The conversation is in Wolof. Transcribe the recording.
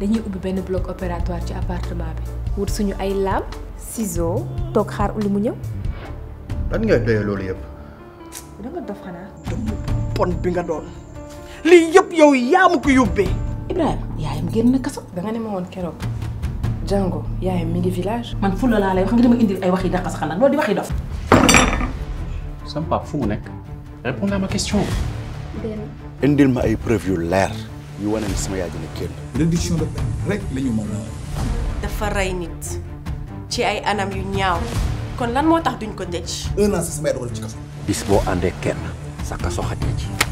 dañuy ubbi benn bloc opératoire ci appartement bi wut suñu ay laam ciseaux toog xaar uli mu ñëw. lan ngay loolu yëpp. da nga dof xanaa. dama bi nga doon lii yëpp yow yaa ma ko yóbbee. Ibrahima yaayam génn na kaso. da nga ne ma woon keroog Django yaayam mi ngi village. man fulla laa lay wax nga dama indil ay wax yi dàqa sa xanaa loolu di wax yi dof. sama fu mu nekk. répondre ma question. indil ma ay preuve leer. ñu wane ne sama yaay dina kenn. réduction de peine rek la ñu mën a dafa rey nit ci ay anam yu ñaaw kon lan moo tax duñ ko tëj. un an bis boo àndee kenn sa kaso xaj na ci.